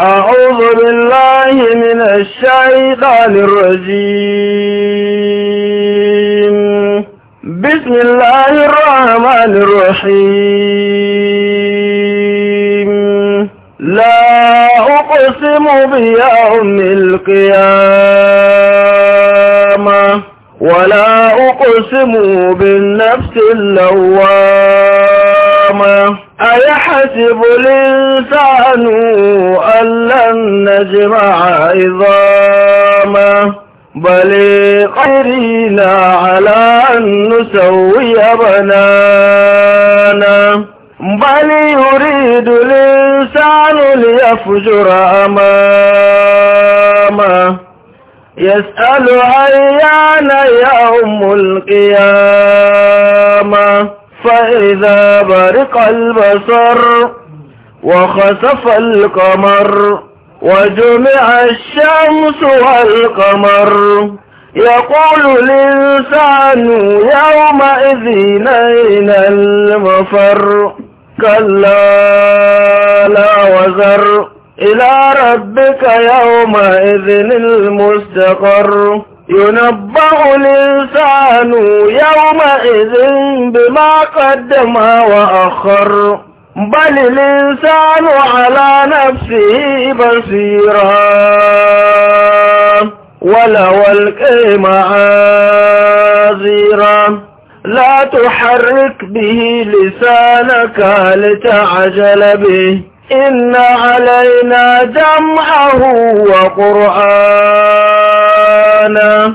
أعوذ بالله من الشيطان الرجيم بسم الله الرحمن الرحيم لا أقسم بيوم القيامة ولا أقسم بالنفس اللوامة أيحسب الإنسان أن لن نجمع عظامه بل قيرينا على أن نسوي بنانا بل يريد الإنسان ليفجر أماما يسأل أيان يوم القيامة فإذا برق البصر وخسف القمر وجمع الشمس والقمر يقول الإنسان يومئذ نين المفر كلا لا وزر إلى ربك يومئذ المستقر ينبأ الإنسان يومئذ بما قدم وأخر بل الإنسان على نفسه بصيرا ولو القيم عازيرا لا تحرك به لسانك لتعجل به إن علينا جمعه وقرآنه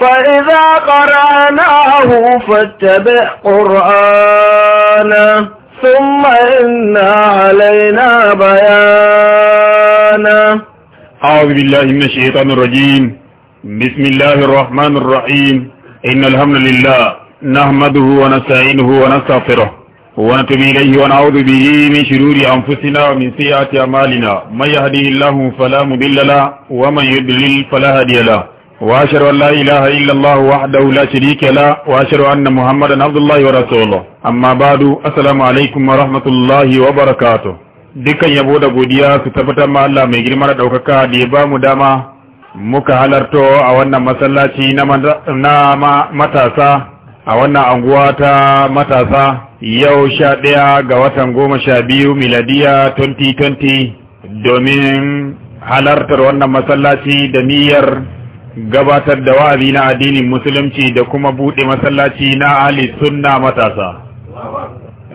فإذا قرأناه فاتبع قرآنه ثم إن علينا بيانه أعوذ بالله من الشيطان الرجيم بسم الله الرحمن الرحيم إن الحمد لله نحمده ونستعينه ونستغفره wani min gaihi wani audu bihi min shiruri anfusina wa min sayyiati amalina man yahdihi Allahu fala mudilla la wa man yudlil fala hadiya la wa ashhadu la ilaha illa Allah wahdahu la sharika la wa ashhadu anna Muhammadan abdullahi wa rasuluh amma ba'du assalamu alaikum wa rahmatullahi wa barakatuh dukkan yabo da godiya su tabbatar ma Allah mai girma da ɗaukaka, da ya bamu dama muka halarto a wannan masallaci na matasa a wannan anguwa ta matasa yau sha ɗaya ga watan goma sha biyu miladiya 2020 domin halartar wannan masallaci da niyyar gabatar da wa'azi na addinin musulunci da kuma buɗe masallaci na ali sunna matasa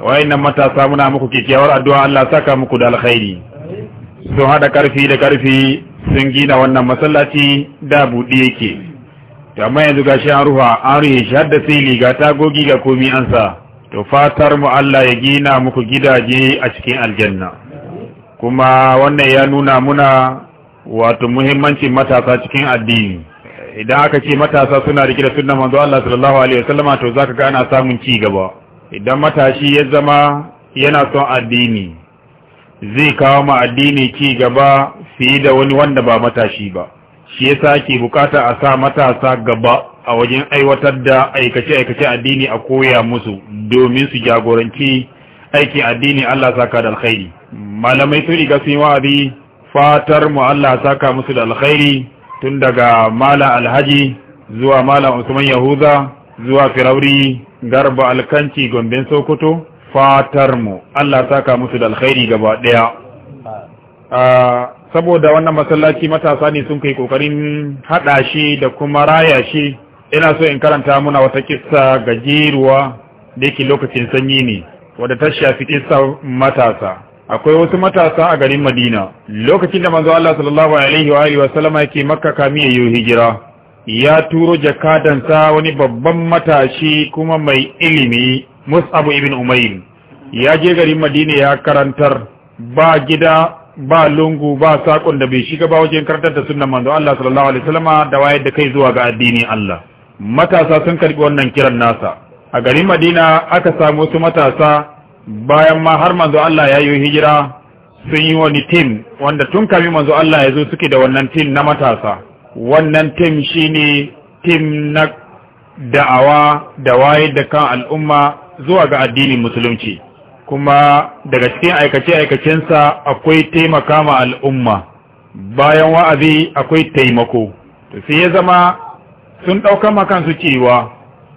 wayannan matasa muna muku kikiyawar addu'a Allah saka muku da alkhairi sun hada karfi da karfi sun gina wannan masallaci da buɗe yake to amma yanzu ga shi an ruha, an ruhe shi hadda sili ga tagogi ga komi ansa, to fatar mu Allah ya gina muku gidaje a cikin aljanna kuma wannan ya nuna muna wato muhimmancin matasa cikin addini idan aka ce matasa suna rike da sunnan manzo Allah sallallahu alaihi wasallam to zaka ga ana samun ci gaba idan matashi ya zama yana son addini zai kawo ma addini ci gaba fiye da wani wanda ba matashi ba shi yasa ke bukata a sa matasa gaba a wajen aiwatar da aikace-aikace addini a koya musu domin su jagoranci aikin addini Allah saka da alkhairi malamai sun riga sun wa'azi fatar mu Allah saka musu da alkhairi tun daga mala alhaji zuwa mala usman yahuza zuwa firauri garba alkanci gomben sokoto fatar mu Allah saka musu da alkhairi gaba daya saboda wannan masallaci matasa ne sun kai kokarin hada shi da kuma raya shi ina so in karanta muna wata kissa gajeruwa da yake lokacin sanyi ne wadda ta shafi kissa matasa akwai wasu matasa a garin Madina lokacin da manzo Allah sallallahu alaihi wa alihi wa sallama yake Makka kami yayin hijira ya turo jakadan sa wani babban matashi kuma mai ilimi Mus'ab ibn Umayr ya je garin Madina ya karantar ba gida ba lungu ba sakon da bai shiga ba wajen karatar da sunnan manzo Allah sallallahu alaihi wasallam da wayar da kai zuwa ga addini Allah matasa sun karbi wannan kiran nasa a garin Madina aka samu wasu matasa bayan ma har manzo Allah ya yi hijira sun yi wani team wanda tun kafin manzo Allah ya zo suke da wannan team na matasa wannan team shine team na da'awa da wayar da kan al'umma zuwa ga addinin musulunci kuma daga cikin aikace-aikacensa akwai taimaka ma al'umma bayan wa'azi akwai taimako sai ya zama sun ɗauka kansu cewa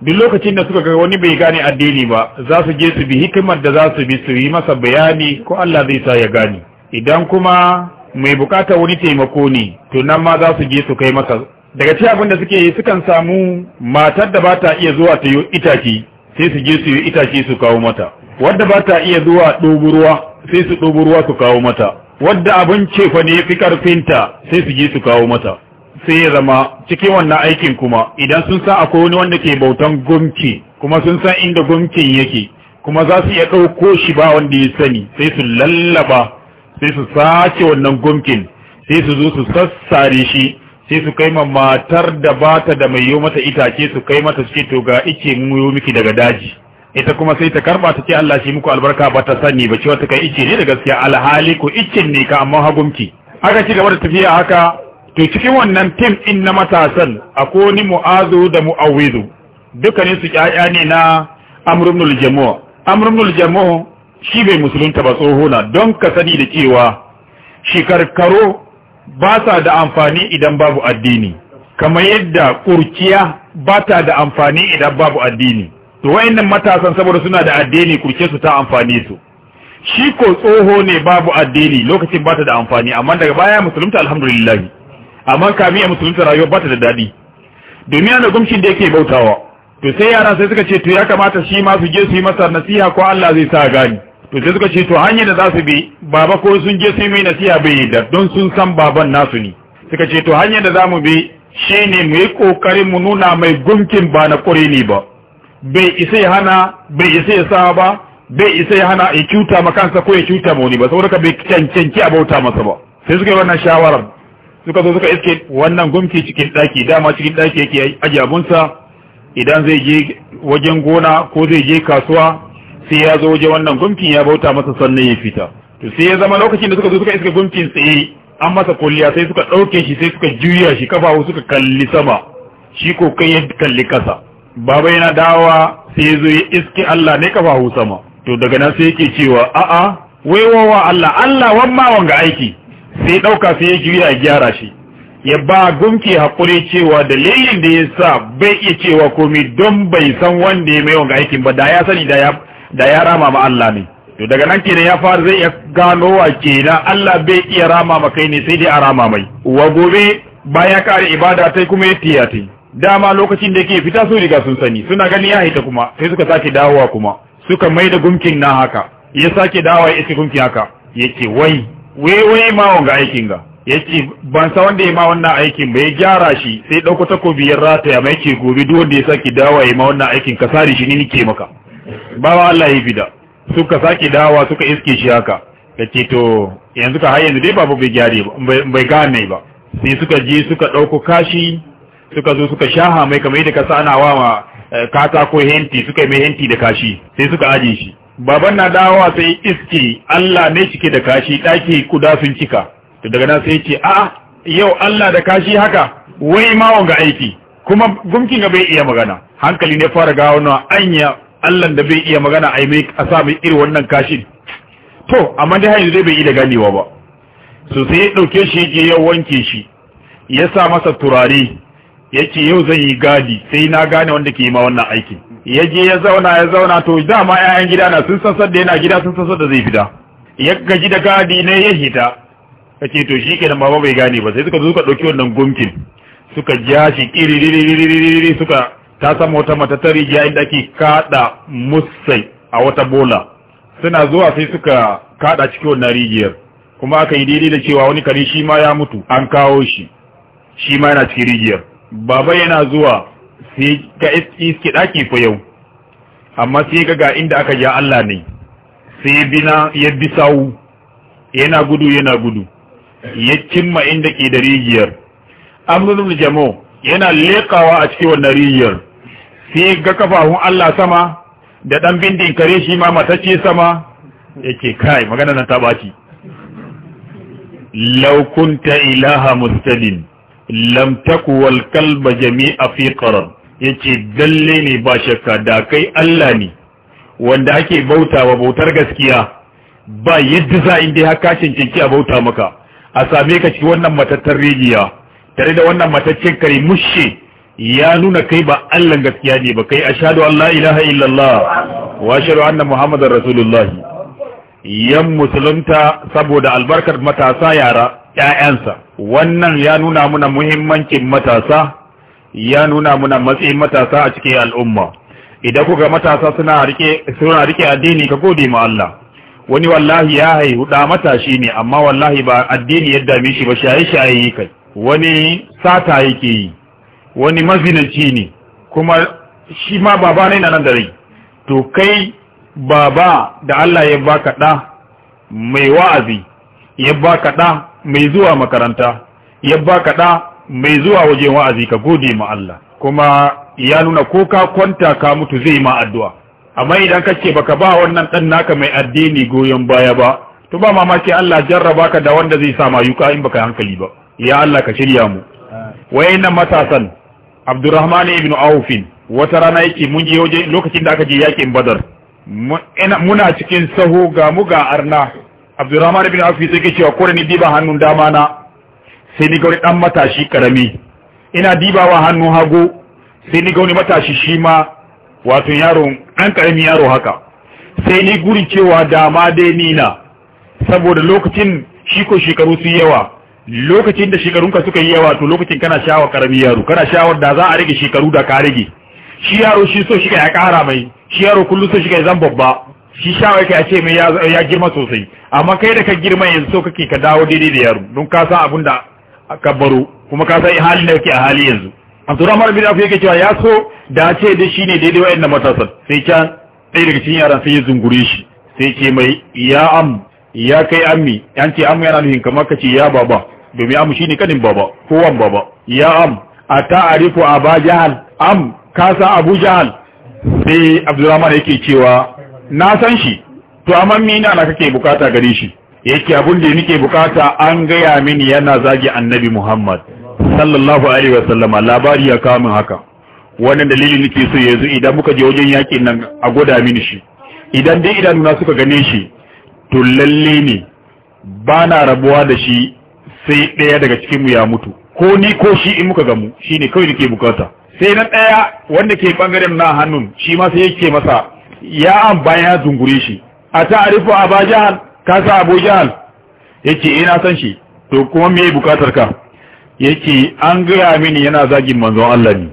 duk lokacin da suka ga wani bai gane addini ba za su je su bi hikimar da za su bi su yi masa bayani ko Allah zai sa ya gane idan kuma mai bukata wani taimako ne to nan ma za su je su kai masa daga cikin abin da suke yi sukan samu matar da ba ta iya zuwa ta yi itace sai su je su yi itace su kawo mata wadda ba ta iya zuwa ɗoburuwa sai su ɗoburuwa su kawo mata wadda abin cefa ne fi ƙarfinta sai su je su kawo mata sai ya zama cikin wannan aikin kuma idan sun san akwai wani wanda ke bautan gumki kuma sun san inda gumkin yake kuma za su iya ɗauko shi ba wanda ya sani sai su lallaba sai su sace wannan gumkin sai su zo su sassare shi sai su kai ma matar da bata da mai yi mata itace su kai mata suke to ga ike mu miki daga daji ita kuma sai ta karba ta ce Allah shi muku albarka ba ta sani ba cewa ta kai ice ne da gaskiya ku icin ne ka amma hagumki aka ci gaba da tafiya haka to cikin wannan tim din na matasan akwai ni mu'azu da mu'awidu dukkanin su ƴaƴa ne na amr ibn al-jamu' shi bai musulunta ba tsoho na don ka sani da cewa shekarkaro ba sa da amfani idan babu addini kamar yadda kurciya ba ta da amfani idan babu addini to wayannan matasan saboda suna da addini kurke su ta amfani su shi ko tsoho ne babu addini lokacin bata da amfani amma daga baya musulunta alhamdulillah amma a musulunta rayuwa bata da dadi domin da gumshin da yake bautawa to sai yara sai suka ce to ya kamata shi ma su je su yi masa nasiha ko Allah zai sa gani to sai suka ce to hanyar da za su bi baba ko sun je su yi mai nasiha bai yi da don sun san baban nasu ne suka ce to hanyar da za mu bi shine mu yi kokarin mu nuna mai gumkin ba na ƙure ne ba bai isa ya hana bai isa ya sa ba bai isa ya hana ya cuta ma kansa ko ya cuta ma wani ba saboda ka bai cancanci a bauta masa ba sai suka yi wannan shawarar suka zo suka iske wannan gumki cikin daki dama cikin daki yake ajabunsa idan zai je wajen gona ko zai je kasuwa sai ya zo waje wannan gumkin ya bauta masa sannan ya fita to sai ya zama lokacin da suka zo suka iske gumkin tsaye an masa kulliya sai suka ɗauke shi sai suka juya shi kafafu suka kalli sama shi ko kai ya kalli kasa baba yana dawa sai ya zo ya iske Allah ne kafahu sama to daga nan sai yake cewa a'a wai wawa Allah Allah wamma wanga aiki sai dauka sai ya juya a gyara shi ya ba gumki hakuri cewa dalilin da ya sa bai iya cewa komai don bai san wanda ya mai wanga aikin ba da ya sani da ya da ya rama ma Allah ne to daga nan kenan ya fara zai ya gano wa kenan Allah bai iya rama ma kai ne sai dai a rama mai wa gobe baya kare ibada tai kuma ya tiyati dama lokacin da yake fita su riga sun sani suna gani ya hita kuma sai suka sake dawowa kuma suka mai da gumkin na haka ya sake dawowa ya ce gumkin haka yake wai wai wai ma wanga aikin ga yake ban sa wanda ya ma wannan aikin ba ya gyara shi sai dauko takobi ya rataya mai ce gobe duk wanda ya sake dawowa ya ma wannan aikin ka sare shi ni nike maka bawa Allah ya fida suka sake dawowa suka iske shi haka yace to yanzu ka har yanzu dai babu bai gyare ba bai gane ba sai suka je suka dauko kashi suka zo suka shaha mai kamar yadda ka sana wa ma eh, katako henti suka yi mai henti da kashi sai suka aje shi baban na dawowa sai iski Allah ne cike da kashi daki kuda sun cika to daga nan sai yace a'a yau Allah da kashi haka wai ma wanga aiki kuma gumkin ga bai iya magana hankali ne fara ga wannan anya Allah da bai iya magana ai mai a sa mai irin wannan kashin to amma dai yanzu zai bai yi da ganewa ba so sai ya dauke shi ya wanke shi ya sa masa turare ce yau zan yi gadi sai na gane wanda ke yi ma wannan aikin ya je ya zauna ya zauna to dama ƴaƴan gida na sun san da yana gida sun san da zai fita ya gaji da gadi ne ya hita kace to shi kenan ba bai gane ba sai suka zo suka dauki wannan gumkin suka ja shi kiri suka ta wata mata ta rijiya inda ake kada musai a wata bola suna zuwa sai suka kaɗa cikin wannan rijiyar kuma aka yi daidai da cewa wani kare shi ma ya mutu an kawo shi shi ma yana cikin rijiyar baba yana zuwa sai ka iske daki fa yau amma sai ka ga inda aka ja Allah ne sai bina ya bisau yana gudu yana gudu ya cimma inda ke da rijiyar amrul jamo yana lekawa a cikin wannan rijiyar sai ga kafafun Allah sama da dan bindin kare shi ma matace sama yake kai magana nan ta baci law kunta ilaha mustalim lam takuwal kalba jami'a fi qarar yace dalle ne ba shakka da kai Allah ne wanda ake bautawa bautar gaskiya ba yadda za in dai haka cancanci a bauta maka a same ka cikin wannan matattar rijiya tare da wannan mataccen kare mushe ya nuna kai ba Allah gaskiya ne ba kai ashhadu an la ilaha illallah wa ashhadu anna muhammadar rasulullah yan musulunta saboda albarkar matasa yara ƴaƴansa wannan ya nuna muna muhimmancin matasa ya nuna muna matsayin matasa a cikin al'umma idan kuga matasa suna rike suna rike addini ka gode ma Allah wani wallahi ya haihu da matashi ne amma wallahi ba addini ya dami shi ba shaye shaye kai wani sata yake yi wani mazinaci ne kuma shi ma baba ne nan da rai to kai baba da Allah ya baka da mai wa'azi ya baka da mai zuwa makaranta ya ba kaɗa mai zuwa wajen wa'azi ka gode ma Allah kuma ya nuna ko ka kwanta ka mutu zai ma addu'a amma idan kake baka ba wannan ɗan naka mai addini goyon baya ba to ba mamaki Allah jarraba ka da wanda zai sa mayuka in baka hankali ba ya Allah ka shirya mu wayennan matasan Abdurrahman ibn Auf wata rana yake mun je waje lokacin da aka je yakin Badar muna cikin saho ga mu ga arna abdurrahman ibn afi sai ke cewa ko ni diba hannun dama na sai ni ga dan matashi karami ina dibawa hannun hagu sai ni ga matashi shi ma wato yaro dan karami yaro haka sai ni guri cewa dama dai ni na saboda lokacin shi ko shekaru su yawa lokacin da shekarunka suka yi yawa to lokacin kana shawar karami yaro kana shawar da za a rage shekaru da ka rage shi yaro shi so shi ka ya kara mai shi yaro kullum so shi ka zan babba shi sha yake a ce mai ya girma sosai amma kai da ka girma yanzu so kake ka dawo daidai da yaro don ka san abin da ka baro kuma ka san halin da yake a hali yanzu Abdurrahman bin Afu yake cewa ya so da ce da ne daidai wayannan matasan sai can ɗaya daga cikin yaran sai ya zungure shi sai ce mai ya am ya kai ammi an ce am yana nufin kamar ka ce ya baba domin shi shine kanin baba ko wan baba ya am a ta'arifu ba jahal am ka san abu jahal sai Abdurrahman yake cewa na san shi to amma mina na kake bukata gare shi yake abun da nake bukata an gaya mini yana zagi annabi Muhammad sallallahu alaihi wasallama labari ya kawo min haka wannan dalili nake so yanzu idan muka je wajen yakin nan a goda mini shi idan dai idan na suka gane shi to lalle ne ba na rabuwa da shi sai ɗaya daga cikin mu ya mutu ko ni ko shi in muka gamu shi ne kawai nake bukata sai na ɗaya wanda ke ɓangaren na hannun shi ma sai yake masa ya bayan ya zungure shi a ta'arifu aba jahal ka sa abu jahal ce ina eh, san shi to kuma mai bukatar ka Ya ce an gaya mini yana zagin manzon Allah ne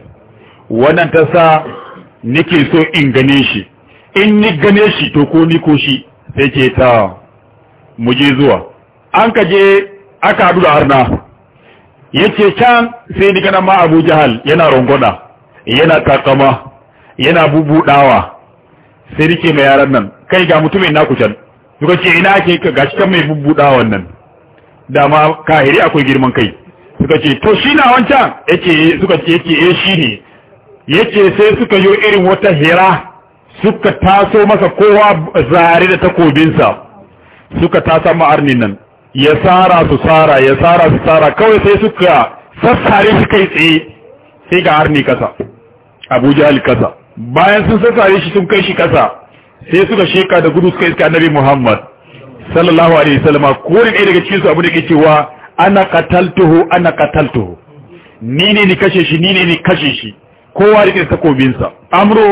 wannan ta sa nike so in gane shi in ni gane shi to ko ni ko shi sai ce ta mu zuwa an ka je aka hadu da harna ce can sai ni gana ma Abu Jahal yana rongona yana takama yana bubuɗawa. sai rike mai yaran nan kai ga mutumin naku can suka ce ina ake gashi kan mai bubbuda wannan dama kahiri akwai girman kai suka ce to shi na wancan yace suka ce yake eh shi ne yake sai suka yo irin wata hira suka taso masa kowa zare da takobinsa suka tasa ma'arnin nan ya sara su sara ya sara su sara kawai sai suka sassare shi kai tsaye sai ga arni kasa Abuja al kasa bayan sun sassare shi sun kai shi kasa sai suka sheka da gudu suka iska annabi Muhammad sallallahu alaihi wasallam ne dai daga cikin su abu da ke cewa ana qataltuhu ana qataltuhu ni ne ni kashe shi ni ne ni kashe shi kowa da kirsa kobin sa amro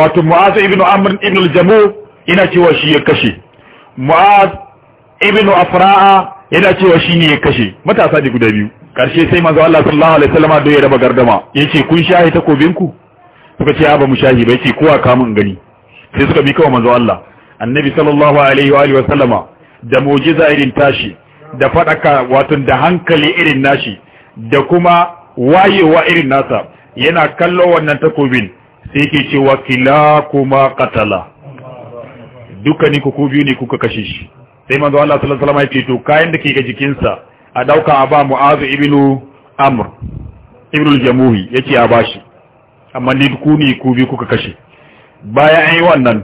wato mu'az ibn amr ibn al-jamu ina cewa shi ya kashe mu'az ibn afra'a yana cewa shi ne ya kashe matasa da guda biyu karshe sai manzo Allah sallallahu alaihi wasallam da ya raba gardama yace kun shahi takobin ku suka ce abu mushahi bai ce kowa kamun gani sai suka bi kawai manzo Allah annabi sallallahu alaihi wa alihi wa sallama da mu'jiza irin tashi da fadaka wato da hankali irin nashi da kuma wayewa irin nasa yana kallo wannan takobin sai yake cewa kilakuma qatala dukkanin ku ku biyu ne kuka kashe shi sai manzo Allah sallallahu alaihi wa sallama ya to kayan da ke ga jikinsa a dauka a ba mu'azu ibnu amr ibnu jamuhi yace a bashi amma ni ku ne ku bi kuka kashe bayan an yi wannan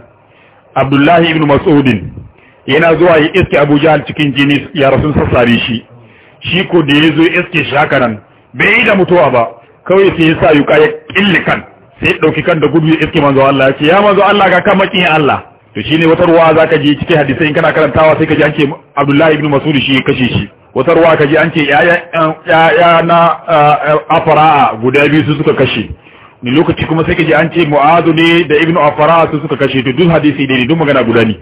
abdullahi ibn mas'udin yana zuwa ya iske abu jahal cikin jini ya rasu sassare shi shi ko da ya zo iske shi haka nan bai yi da mutuwa ba kawai sai ya sa yuka ya kille kan sai ya ɗauki kan da gudu ya iske manzo Allah ya ce ya manzo Allah ga kan makin Allah to shine wata ruwa zaka je cikin hadisai in kana karantawa sai ka ji an ce Abdullahi ibn Mas'ud shi ya kashe shi wata ruwa ka ji an ce ya ya na afara'a guda biyu su suka kashe ni lokaci kuma sai kaji an ce mu'adu ne da ibnu afara su suka kashe to duk hadisi ne duk magana guda ne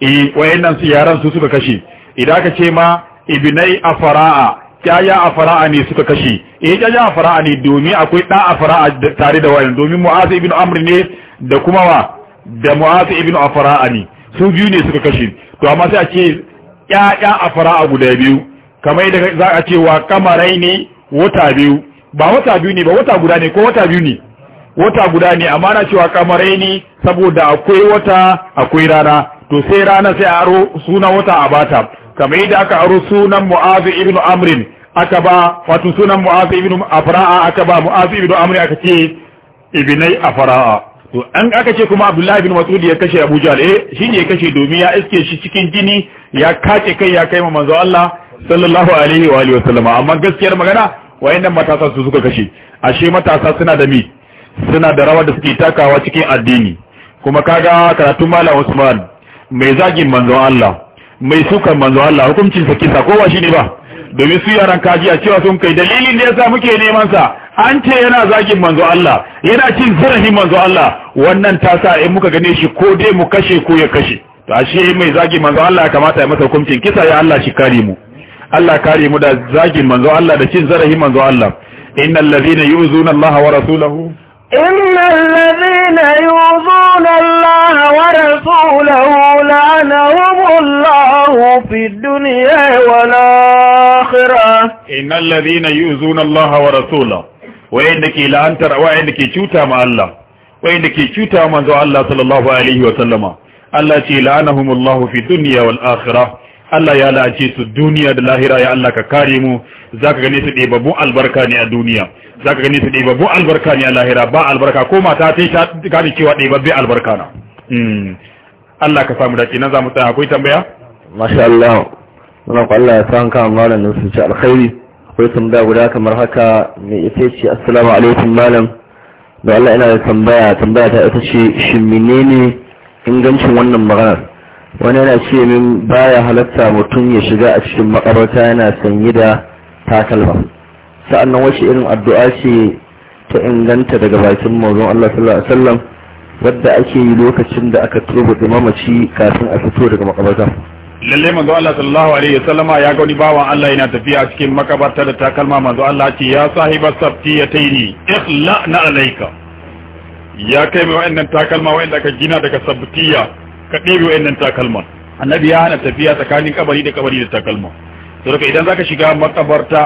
eh wayannan su yaran su suka kashe idan aka ce ma ibnai afara'a yaya afara'a ne suka kashe eh yaya afara'a ne domin akwai da afara'a tare da wayan domin mu'adu ibnu amr ne da kuma wa da mu'adu ibnu afara'a ne su biyu ne suka kashe to amma sai a ce yaya afara'a guda biyu kamar yadda za a ce wa kamarai ne wata biyu ba wata biyu ne ba wata guda ne ko wata biyu ne wata guda ne amma na cewa kamarai ne saboda akwai wata akwai rana to sai rana sai aro sunan wata a bata kamar yadda aka aro sunan mu'azu ibn amrin aka ba wato sunan mu'azu ibn afra'a aka ba mu'azu ibn amrin aka ce ibnai afra'a to an aka ce kuma abdullahi ibn mas'ud ya kashe abu jahl eh shine ya kashe domin ya iske shi cikin jini ya kace kai ya kai manzo Allah sallallahu alaihi wa alihi sallama amma gaskiyar magana wayannan matasa su suka kashe ashe matasa suna da mi suna da rawar da suke takawa cikin addini kuma kaga karatun malam Usman mai zagin manzon Allah mai sukan manzon Allah hukuncin sa kisa kowa shine ba domin su yaran kajiya cewa sun kai dalilin da yasa muke neman sa an ce yana zagin manzon Allah yana cin zarafin manzon Allah wannan ta sa in muka gane shi ko dai mu kashe ko ya kashe to ashe mai zagin manzon Allah kamata ya masa hukuncin kisa ya Allah shi kare mu Allah kare mu da zagin manzon Allah da cin zarafin manzon Allah innal ladhina yu'zuna Allah wa rasulahu إن الذين يؤذون الله ورسوله لعنهم الله في الدنيا والآخرة إن الذين يؤذون الله ورسوله وإنك لأنتر وإنك شوتا مع الله وإنك شوتا منذ الله صلى الله عليه وسلم التي لعنهم الله في الدنيا والآخرة Allah ya la'ace su duniya da lahira ya Allah ka kare mu zaka gane su ɗebabun albarka ne a duniya zaka gane su ɗebabun albarka ne a lahira ba albarka ko mata ta ta gane cewa ɗebabbe albarka na hmm. Allah ka samu dace nan za mu tsaya akwai tambaya masha Allah muna Allah ya san kan malamin su ci alkhairi akwai tambaya guda kamar haka me ita ce assalamu alaikum malam da Allah ina da tambaya tambaya ta ita ce shin menene ingancin wannan maganar wani yana ce min baya halatta mutum ya shiga a cikin makabarta yana sanyi da takalma sa'annan wace irin addu'a ce ta inganta daga bakin mazan Allah sallallahu alaihi wasallam wadda ake yi lokacin da aka da mamaci kafin a fito daga makabarta lalle manzo Allah sallallahu alaihi wasallama ya ga wani bawan Allah yana tafiya a cikin makabarta da takalma manzo Allah ce ya sahiba sabti ya taini ikhla na alayka ya kai mai wa'annan takalma wa'anda aka gina daga sabtiya ka ɗebe wa'annan takalman annabi ya hana tafiya tsakanin kabari da kabari da takalma to daga idan zaka shiga makabarta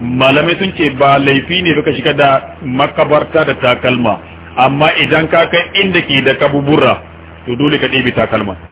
malamai sun ce ba laifi ne ka shiga da makabarta da takalma amma idan ka kai inda ke da kabubura to dole ka ɗebe takalma